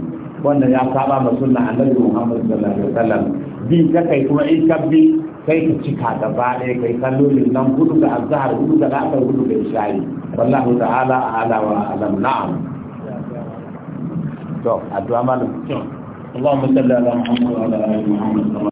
wannan ya saba ma sunna annabi Muhammad sallallahu alaihi wasallam bi ta kai kuma in ka bi kai ka cika gaba ɗaya kai kallolin nan gudu da azhar gudu da asar gudu da isha'i wallahu ta'ala wa alam na'am to addu'a malam اللهم صل على محمد وعلى ال محمد